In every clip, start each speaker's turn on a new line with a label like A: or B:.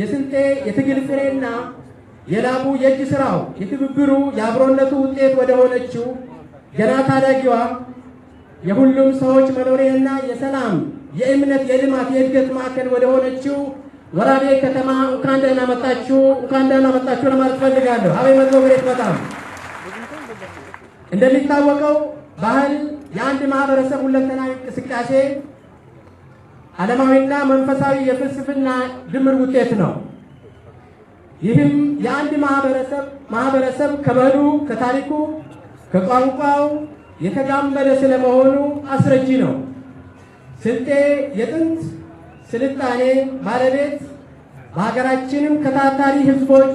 A: የስንቴ የትግል ፍሬና የላቡ የእጅ ስራው የትብብሩ የአብሮነቱ ውጤት ወደ ሆነችው ገና ታዳጊዋ የሁሉም ሰዎች መኖሪያና የሰላም የእምነት የልማት የእድገት ማዕከል ወደ ሆነችው ወራቤ ከተማ እንኳን ደህና መጣችሁ፣ እንኳን ደህና መጣችሁ ለማለት ፈልጋለሁ። አቤት መጥቶ ብሬት በጣም እንደሚታወቀው ባህል የአንድ ማህበረሰብ ሁለንተናዊ እንቅስቃሴ ዓለማዊና መንፈሳዊ የፍልስፍና ድምር ውጤት ነው። ይህም የአንድ ማህበረሰብ ማህበረሰብ ከባህሉ፣ ከታሪኩ፣ ከቋንቋው የተጋመደ ስለመሆኑ አስረጂ ነው። ስልጤ የጥንት ስልጣኔ ባለቤት በሀገራችንም ከታታሪ ህዝቦች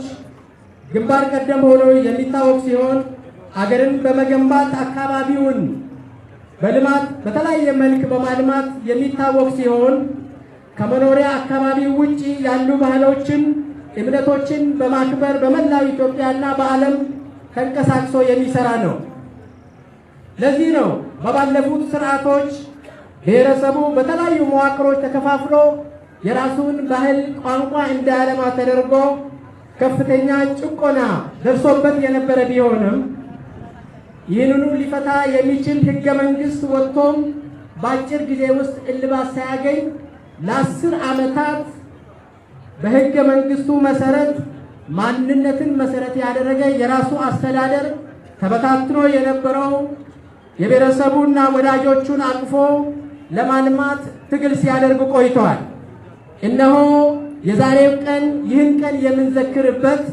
A: ግንባር ቀደም ሆኖ የሚታወቅ ሲሆን አገርን በመገንባት አካባቢውን በልማት በተለያየ መልክ በማልማት የሚታወቅ ሲሆን ከመኖሪያ አካባቢ ውጪ ያሉ ባህሎችን፣ እምነቶችን በማክበር በመላው ኢትዮጵያና በዓለም ተንቀሳቅሶ የሚሰራ ነው። ለዚህ ነው በባለፉት ስርዓቶች ብሔረሰቡ በተለያዩ መዋቅሮች ተከፋፍሎ የራሱን ባህል፣ ቋንቋ እንዳያለማ ተደርጎ ከፍተኛ ጭቆና ደርሶበት የነበረ ቢሆንም ይህንኑ ሊፈታ የሚችል ህገ መንግስት ወጥቶም በአጭር ጊዜ ውስጥ እልባት ሳያገኝ ለአስር ዓመታት በህገ መንግስቱ መሰረት ማንነትን መሰረት ያደረገ የራሱ አስተዳደር ተበታትኖ የነበረው የብሔረሰቡና ወዳጆቹን አቅፎ ለማልማት ትግል ሲያደርግ ቆይተዋል። እነሆ የዛሬው ቀን ይህን ቀን የምንዘክርበት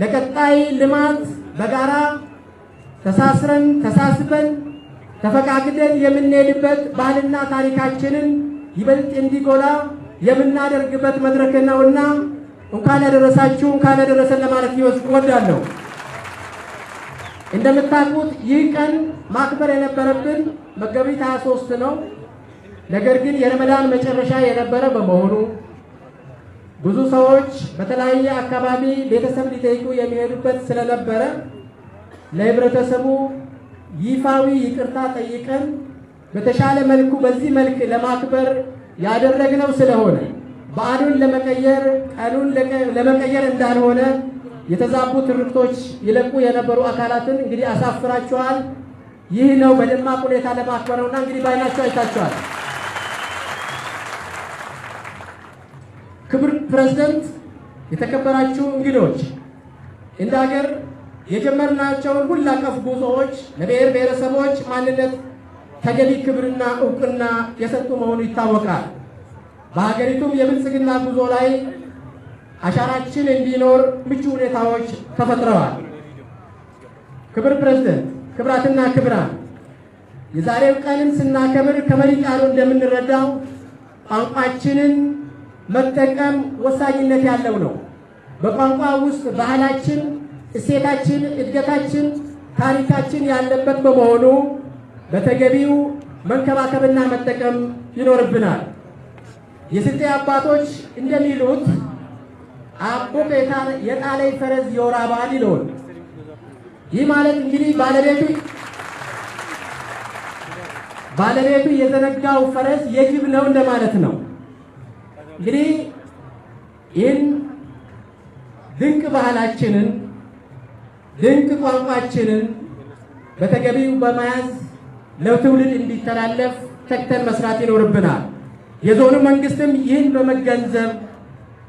A: ለቀጣይ ልማት በጋራ ተሳስረን ተሳስበን ተፈቃግደን የምንሄድበት ባህልና ታሪካችንን ይበልጥ እንዲጎላ የምናደርግበት መድረክ ነውና እንኳን ያደረሳችሁ እንኳን ያደረሰን ለማለት እወዳለሁ። እንደምታውቁት ይህ ቀን ማክበር የነበረብን መጋቢት 23 ነው። ነገር ግን የረመዳን መጨረሻ የነበረ በመሆኑ ብዙ ሰዎች በተለያየ አካባቢ ቤተሰብ ሊጠይቁ የሚሄዱበት ስለነበረ ለህብረተሰቡ ይፋዊ ይቅርታ ጠይቀን በተሻለ መልኩ በዚህ መልክ ለማክበር ያደረግነው ስለሆነ በዓሉን ለመቀየር ቀኑን ለመቀየር እንዳልሆነ የተዛቡ ትርክቶች ይለቁ የነበሩ አካላትን እንግዲህ አሳፍራችኋል። ይህ ነው በደማቅ ሁኔታ ለማክበር ነውና እንግዲህ ባይናቸው አይታችኋል። ክብር ፕሬዝደንት፣ የተከበራችሁ እንግዶች እንደ ሀገር የጀመርናቸውን ሁሉ አቀፍ ጉዞዎች ለብሔር ብሔረሰቦች ማንነት ተገቢ ክብርና እውቅና የሰጡ መሆኑ ይታወቃል። በሀገሪቱም የብልጽግና ጉዞ ላይ አሻራችን እንዲኖር ምቹ ሁኔታዎች ተፈጥረዋል። ክብር ፕሬዝደንት፣ ክብራትና ክብራን የዛሬው ቀንም ስናከብር ከመሪ ቃሉ እንደምንረዳው ቋንቋችንን መጠቀም ወሳኝነት ያለው ነው። በቋንቋ ውስጥ ባህላችን እሴታችን፣ እድገታችን፣ ታሪካችን ያለበት በመሆኑ በተገቢው መንከባከብና መጠቀም ይኖርብናል። የስልጤ አባቶች እንደሚሉት አቦ የጣለኝ ፈረስ ይወራባል ይለውን። ይህ ማለት እንግዲህ ባለቤቱ ባለቤቱ የዘነጋው ፈረስ የጅብ ነው እንደማለት ነው። እንግዲህ ይህን ድንቅ ባህላችንን ድንቅ ቋንቋችንን በተገቢው በመያዝ ለትውልድ እንዲተላለፍ ተግተን መስራት ይኖርብናል። የዞኑ መንግስትም ይህን በመገንዘብ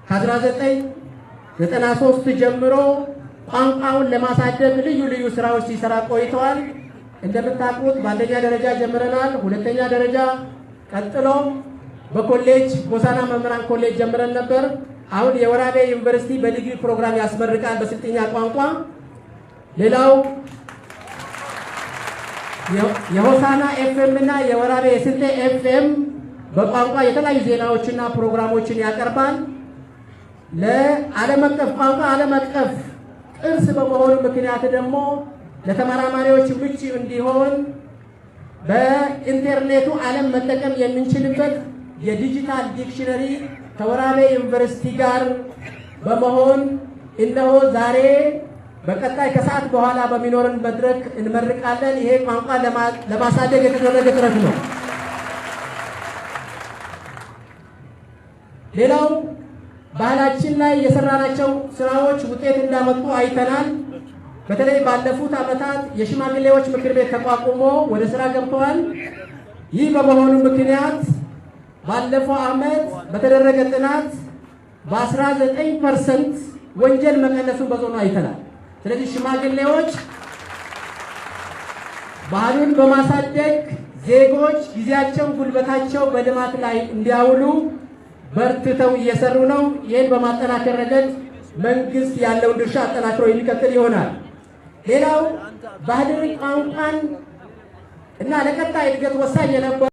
A: ከ1993 ጀምሮ ቋንቋውን ለማሳደግ ልዩ ልዩ ስራዎች ሲሰራ ቆይተዋል። እንደምታውቁት በአንደኛ ደረጃ ጀምረናል። ሁለተኛ ደረጃ ቀጥሎ በኮሌጅ ሆሳዕና መምህራን ኮሌጅ ጀምረን ነበር። አሁን የወራቤ ዩኒቨርሲቲ በዲግሪ ፕሮግራም ያስመርቃል በስልጠኛ ቋንቋ ሌላው የሆሳና ኤፍኤም እና የወራቤ የስልጤ ኤፍኤም በቋንቋ የተለያዩ ዜናዎችና ፕሮግራሞችን ያቀርባል። ለዓለም አቀፍ ቋንቋ ዓለም አቀፍ ጥርስ በመሆኑ ምክንያት ደግሞ ለተመራማሪዎች ምቹ እንዲሆን በኢንተርኔቱ ዓለም መጠቀም የምንችልበት የዲጂታል ዲክሽነሪ ከወራቤ ዩኒቨርሲቲ ጋር በመሆን እነሆ ዛሬ በቀጣይ ከሰዓት በኋላ በሚኖርን መድረክ እንመርቃለን። ይሄ ቋንቋ ለማሳደግ የተደረገ ጥረት ነው። ሌላው ባህላችን ላይ የሰራናቸው ስራዎች ውጤት እንዳመጡ አይተናል። በተለይ ባለፉት ዓመታት የሽማግሌዎች ምክር ቤት ተቋቁሞ ወደ ስራ ገብተዋል። ይህ በመሆኑ ምክንያት ባለፈው ዓመት በተደረገ ጥናት በ19 ፐርሰንት ወንጀል መቀነሱን በዞኑ አይተናል። ስለዚህ ሽማግሌዎች ባህሉን በማሳደግ ዜጎች ጊዜያቸው፣ ጉልበታቸው በልማት ላይ እንዲያውሉ በርትተው እየሰሩ ነው። ይህን በማጠናከር ረገድ መንግስት ያለውን ድርሻ አጠናክሮ የሚቀጥል ይሆናል። ሌላው ባህልን፣ ቋንቋን እና ለቀጣይ እድገት ወሳኝ የነበረ